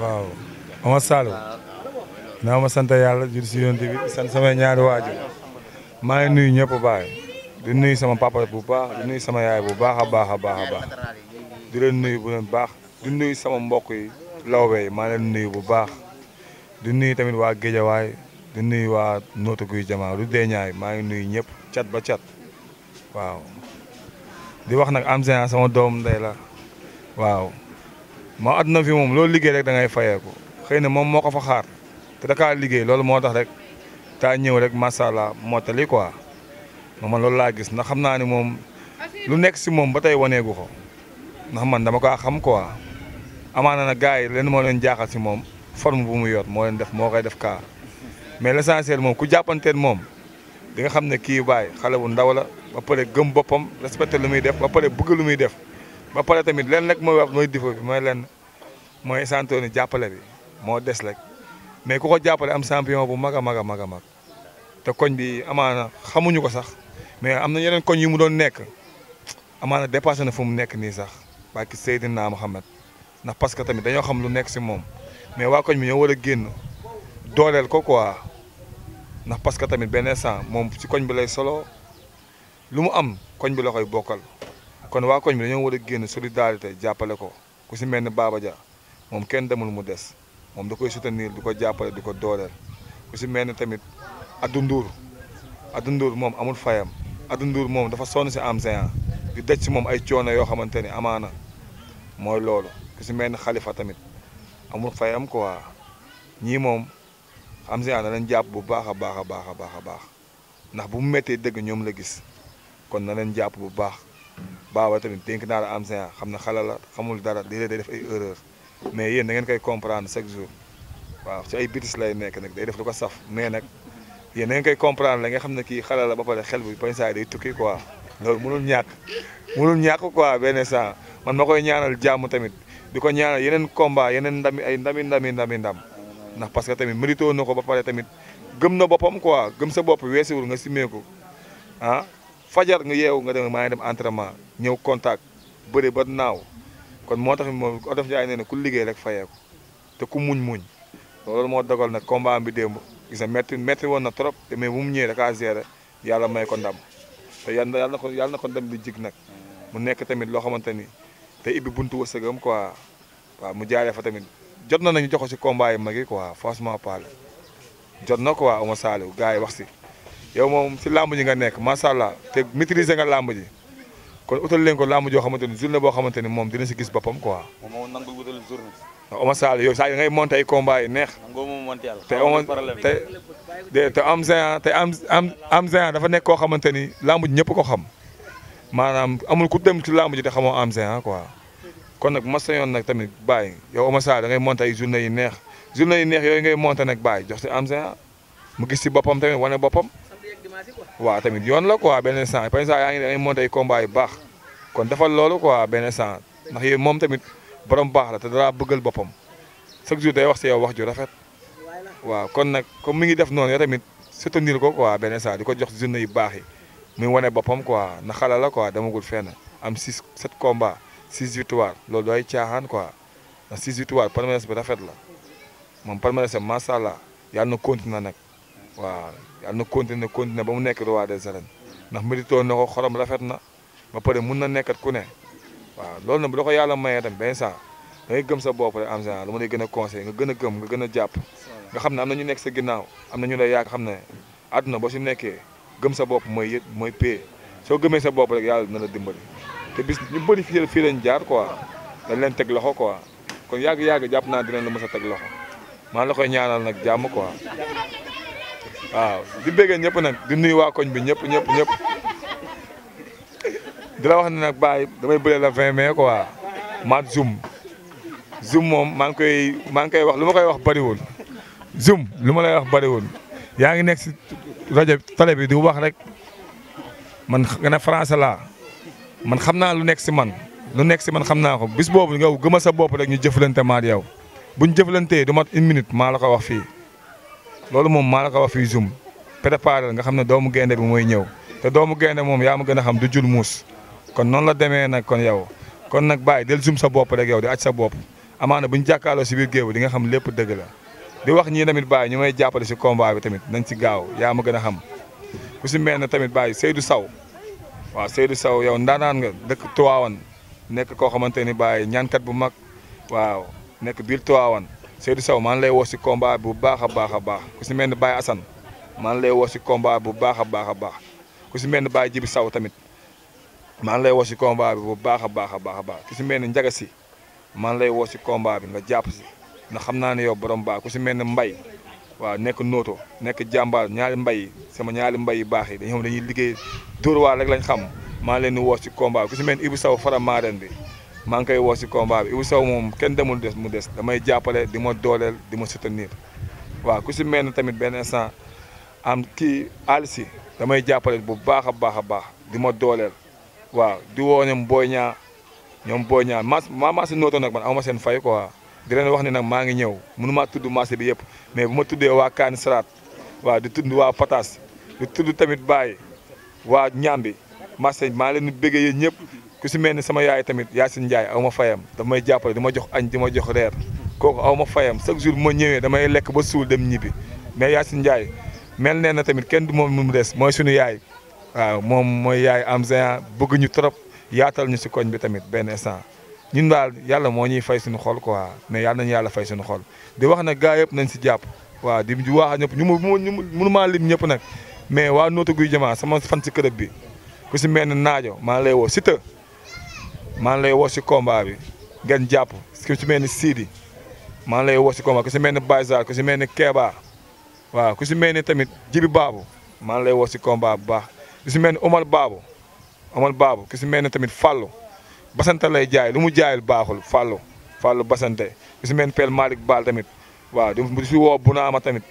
waaw Omar Saloum naa ma sant yàlla jur si yonent bi sant samay ñaari waajur maa ngi nuyu ñëpp baay di nuyu sama papa bu baax di nuyu sama yaay bu baax a baax a baax a baax di leen nuyu bu leen baax di nuyu sama mbokk yi lawbe maa leen nuyu bu baax di nuyu tamit waa Géejawaay di nuyu waa nootu guy jamaa du deeñaay maa ngi nuyu ñëpp cat ba cat waaw di wax nag am sama doom ndey la waaw ma àdduna fi moom loolu liggéey rek da ngay fayeeku xëy na moom moo ko fa xaar te dakaa liggéey loolu moo tax rek taa ñëw rek macha allah mottali quoi moom man loolu laa gis ndax xam naa ne moom lu nekk si moom ba tey waneegu ko ndax man dama kaa xam ko amaana na gars yi leen moo leen jaaxal si moom form bu mu yor moo leen def moo koy def kaa mais l'essentiel moom ku jàppanteen moom di nga xam ne kii baay xale bu ndaw la ba pare gëm boppam respecté lu muy def ba pare bëgg lu muy def. ba pare tamit leen rek mooy wax mooy difo bi mooy lenn mooy santooni jàppale bi moo des rek mais ku ko jàppale am champion bu mag a mag a mag a mag te koñ bi amaana xamuñu ko sax mais am na yeneen koñ yu mu doon nekk amaana dépassé na fu mu nekk nii sax ki barki Seydina Muhammad ndax parce que tamit dañoo xam lu nekk si moom mais waa koñ bi ñoo war a génn dooleel ko quoi ndax parce que tamit benn instant moom ci koñ bi lay solo lu mu am koñ bi la koy bokkal kon waa koñ bi dañoo war a génn solidarité jàppale ko ku si mel ni baaba jaa moom kenn demul mu des moom da koy soutenir du ko jàppale di ko dooleel ku si mel ni tamit Adou Ndour Adou Ndour moom amul fayam Adou Ndour moom dafa sonn si am di daj si moom ay coono yoo xamante ni amaana mooy loolu ku si mel ni xalifa tamit amul fayam ko waa ñii moom am géant na leen jàpp bu baax a baax a baax a baax a baax ndax bu mu méttee dëgg ñoom la gis kon na leen jàpp bu baax baaba tamit dénk naa la am xam na xala la xamul dara léeg day def ay erreur mais yéen da ngeen koy comprendre chaque jour waaw ci ay bitis lay nekk nag day def lu ko saf mais nag yéen da ngeen koy comprendre la nga xam ne kii xala la ba pare xel bu bañ saa day tukki quoi loolu mënul ñaak mënul ñàkk quoi benn saa man ma koy ñaanal jàmm tamit di ko ñaanal yeneen combat yeneen ndami ay ndami ndami ndami ndam ndax parce que tamit mérito na ko ba pare tamit gëm na boppam quoi gëm sa bopp weesiwul nga simmee ko ah? fajar nga yeewu nga dem maa ngi dem entraînement ñëw contact bëri ba naaw kon moo tax moo Odof Ndiaye nee na ku liggéey rek fayeeku te ku muñ muñ loolu moo dogal nag combat bi démb gis nga métti métti na trop te mais bu mu ñëwee da kaa gérer yàlla may ko ndam te yàlla na ko yàlla na ko ndam di jig nag mu nekk tamit loo xamante ni te ibbi buntu wërsëgam quoi waaw mu jaaree fa tamit jot na nañu joxo si combat yi mag yi quoi franchement parler jot na quoi Oumar Saliou gars yi wax si. yow moom si làmb ji nga nekk macha allah te maîtriser nga làmb ji kon utal leen ko làmb joo xamante ni journée boo xamante ni moom dina si gis boppam quoi. moom moo nangul wutal journée. Oh, saa yi ngay ay combat yi neex. nangoo moom monté yàlla te am te te am am am am dafa nekk koo xamante ni làmb ñëpp ko xam maanaam amul ku dem ci làmb ji te xamoo am géant quoi kon nag ma yoon nag tamit bàyyi yow Oumar Sall da ngay monté ay journée yi neex journée yi neex yooyu ngay monté nag baay jox si am géant mu gis si boppam tamit wane boppam. waaw tamit yoon la quoi benn instant par yaa ngi ne monté ay combat yu baax kon defal loolu quoi benn instant ndax yooyu moom tamit borom baax la te dalaa bëggal boppam chaque jour day wax si yow wax ju rafet waaw kon nag comme mi ngi def noonu yow tamit soutenir ko quoi benn instant di ko jox journée yu baax yi muy wane boppam quoi na xala la quoi demagul fenn am 6 7 combats 6 victoires loolu dooy caaxaan quoi ndax 6 victoires palmarès bi rafet la moom palmarès am macha allah yàlla nag. waaw yàlla na continuer continuer ba mu nekk roi des arènes ndax mérito na ko xorom rafet na ba pare mun na nekkat ku ne waaw loolu nag bu da ko yàlla mayee tam benn saa da ngay gëm sa bopp rek en général lu ma lay gën a conseillé nga gën a gëm nga gën a jàpp nga xam ne am nekk sa ginnaaw am na ñu lay xam ne àdduna ba su nekkee gëm sa bopp mooy yët mooy pay soo gëmee sa bopp rek yàlla na la dimbali te bis ñu bëri fii fii lañ jaar quoi dañ leen teg loxo quoi kon yàgg-yàgg jàpp naa dinañ la mës sa teg loxo maa la koy ñaanal nag jàmm quoi waaw di béggee ñëpp nag di nuyu waa koñ bi ñëpp ñëpp ñëpp di la wax ne nag baay damay bëre la 20 ko quoi maat zoom zoom moom maa ngi koy maa ngi koy wax lu ma koy wax bëriwul zoom lu ma lay wax bëriwul yaa ngi nekk si rajo télé bi di wax rek man nga ne français laa man xam naa lu nekk si man lu nekk si man xam naa ko bis boobu nga gëma sa bopp rek ñu jëflante maat yow bu jëflantee du mat une minute maa la ko wax fii loolu moom maa la ko wax fii zoom préparé nga xam ne doomu gaynde bi mooy ñëw te doomu gaynde moom yaa ma gën a xam du jur muus kon noonu la demee nag kon yow kon nag bàyyi del zoom sa bopp rek yow di aj sa bopp amaana bu ñu si biir géew di nga xam lépp dëgg la di wax ñii namit bàyyi ñu may jàppale si combat bi tamit nañ si gaaw yaa ma gën a xam ku si mel na tamit bàyyi Seydou Sow waaw Seydou saw yow ndaanaan nga dëkk Tivaouane nekk koo xamante ni bàyyi ñaankat bu mag waaw nekk biir Tivaouane Seydou saw maa ngi lay woo si combat bu baax a baax a baax ku si mel ni Baye Assane maa ngi lay woo si combat bu baax a baax a baax ku si mel ni Baye Jibi Sow tamit maa ngi lay woo si combat bi bu baax a baax a baax a baax ku si mel ni Njaga si maa ngi lay woo si combat bi nga jàpp si ndax xam naa ne yow borom baax ku si mel ni Mbay waaw nekk nooto nekk jàmbaar ñaari mbay sama ñaari mbay yu baax yi dañoo dañuy liggéey dóor waar rek lañ xam maa leen di woo si combat ku si mel ni Ibou Sow fara maaren bi maa ngi koy woo si combat bi Ibou Sow moom kenn demul des mu des damay jàppale di ma dooleel di ma soutenir waaw ku si mel na tamit benn instant am kii àll si damay jàppale bu baax a baax a baax di ma dooleel waaw di woo ñoom booy ñaa ñoom booy ñaa mas maa marché nootoon nag man awma seen fay quoi di leen wax ne nag maa ngi ñëw mënumaa tudd marché bi yëpp mais bu ma tuddee waa Kaani Saraat waaw di tudd waa Patas di tudd tamit Baye waa Ñambi marché maa leen ñëpp ku si mel sama yaay tamit Yacine Ndiaye aw ma fayam damay may jàppale di ma jox añ di ma jox reer kooku aw ma fayam chaque jour bu ma ñëwee damay lekk ba suul dem ñibbi mais Yacine Ndiaye mel nee na tamit kenn du moom mu des mooy sunu yaay waaw moom mooy yaay am géant bëgg ñu trop yaatal ñu si koñ bi tamit benn instant ñun daal yàlla moo ñuy fay suñu xol quoi mais yàlla nañu yàlla fay suñu xol di wax nag gaa yëpp nañ si jàpp waaw di waax ñëpp ñu ma mënumaa lim ñëpp nag mais waa nootu guy jamaa sama fan si kërëb bi maa ngi lay woo si combat bi ngeen jàpp ku si mel ni Sidi maa lay woo si combat ku si mel ni Baysa ku si mel ni Keba waaw ku si mel ni tamit Jibi Baabu maa ngi lay woo si combat bu baax ku si mel ni Omar Baabu Omar Baabu ku si mel ni tamit Fallou Basante lay jaay lu mu jaayul baaxul Fallou Fallou Basante ku si mel Baal tamit waaw di si woo Bunaama tamit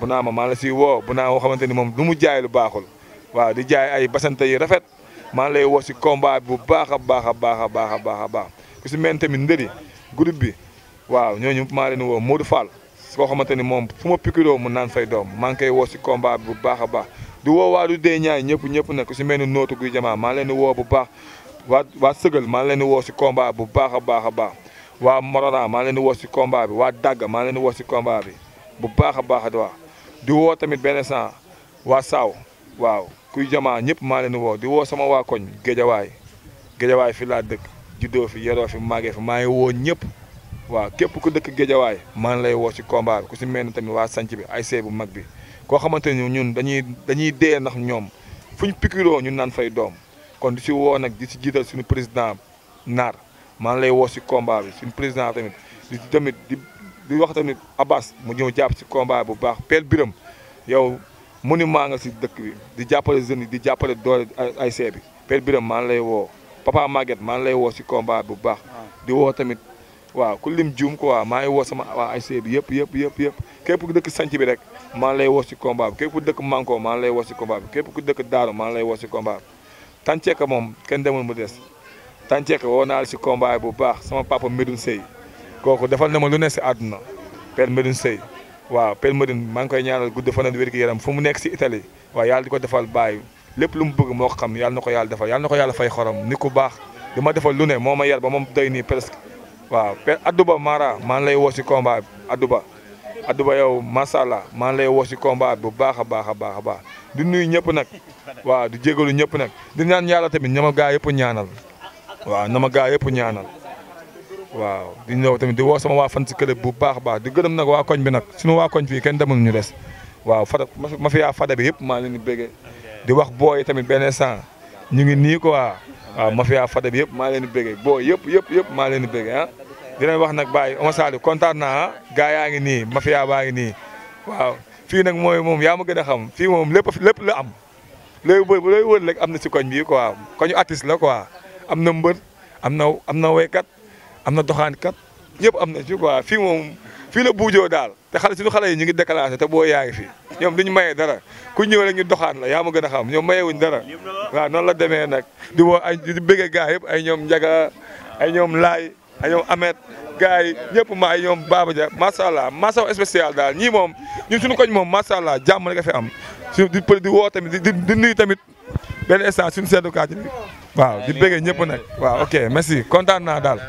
Bunaama maa la siy woo Bunaama boo xamante ni moom lu mu jaay lu baaxul waaw di jaay ay Basante yi rafet. maa ngi lay wax si combat bu baax a baax a baax a baax a baax a baax ku si mel tamit ndëri groupe bi waaw ñooñu maa leen woo Modou Fall koo xamante ni moom fu ma pikiroo mu naan fay doom maa ngi koy woo si combat bi bu baax a baax di woo waa du dee ñaay ñëpp ñëpp nag ku si mel nootu guy jamaa maa leen di woo bu baax waa waa sëgal maa leen di woo si combat bu baax a baax a baax waa Morona maa leen di woo si combat bi waa Dagga maa leen woo si combat bi bu baax a baax a di woo tamit benn sant waa Saaw waaw kuy jamaa ñëpp maa leen woo di woo sama waa koñ géejawaay géejawaay fi laa dëkk juddoo fi yaroo fi mu màggee fi maa ngi woo ñëpp waaw képp ku dëkk géejawaay maa ngi lay woo ci combat bi ku si mel ni tamit waa sanc bi ay see bu mag bi koo xamante ni ñun dañuy dañuy dee ndax ñoom fu ñu pikiroo ñun naan fay doom kon di si woo nag di si jiital suñu président naar maa ngi lay woo si combat bi suñu président tamit di tamit di wax tamit Abbas mu ñëw jàpp si combat bu baax Pell Biram yow mu monument nga si dëkk bi di jàppale jeunes yi di jàppale doole ay see bi Père Birame maa ngi lay woo Papa Maguette maa ngi lay woo si combat bu baax di woo tamit waaw ku lim juum quoi maa ngi woo sama waa ay see yëpp yëpp yëpp yëpp képp ku dëkk sanc bi rek maa ngi lay woo si combat bi képp dëkk mankoo maa ngi lay woo si combat bi képp ku dëkk Daaru maa ngi lay woo si combat bi Tànceeka moom kenn demul mu des Tànceeka woo naa la si combat bu baax sama papa Medoune Seye kooku defal na ma lu ne si àdduna Père Medoune waaw per Marine maa ngi koy ñaanal gudd fan ak wér-gu-yaram fu mu nekk si Italie waaw yàlla di ko defal bàyyi lépp lu mu bëgg moo ko xam yàlla na ko yàlla defal yàlla na ko yàlla fay xorom ni ku baax di ma defal lu ne moo ma yar ba moom doy nii presque waaw Père Adouba Mara maa ngi lay woo si combat bi Adouba Adouba yow macha allah maa ngi lay woo si combat bu baax a baax a baax a baax di nuyu ñëpp nag waaw di jégalu ñëpp nag di ñaan yàlla tamit ñama gaa yëpp ñaanal waaw ñama gaa yëpp ñaanal waaw di ñëw tamit di woo sama waa fan si club bu baax a baax di gërëm nag waa koñ bi nag suñu waa koñ fii kenn demul ñu des waaw fada ma fi yaa bi yëpp maa leen di di wax booy tamit benn sant ñu ngi nii quoi waaw ma fi yaa yëpp maa leen di béggee booy yëpp yëpp yëpp maa leen di béggee ah. di leen wax nag Baye Oumar Saliou kontaan naa ah. gaa yaa ngi nii ma fi baa ngi nii waaw fii nag mooy moom yaa ma gën a xam fii moom lépp lépp la am looy wër looy wër rek am na si koñ bi quoi koñu artiste la quoi am na mbër am na am na waykat am na doxaankat ñëpp am na ci quoi fi moom fii la buujoo daal te xale suñu xale yi ñu ngi déclenché te boo yaa ngi fi ñoom duñu maye dara ku ñëw rek ñu doxaan la yaa ma gën a xam ñoom mayewuñ dara waaw noonu la demee nag di woo ay di bëgge gaa yëpp ay ñoom njaga ay ñoom laay ay ñoom amet gaa yi ñëpp ma ay ñoom Baba Dia macha allah masaw spécial daal ñii moom ñun suñu koñ moom macha allah jàmm rek a am su di woo tamit di di nuyu tamit beneen instant suñu seetlukaat yi waaw di bëggee ñëpp nag waaw ok merci kontaan naa daal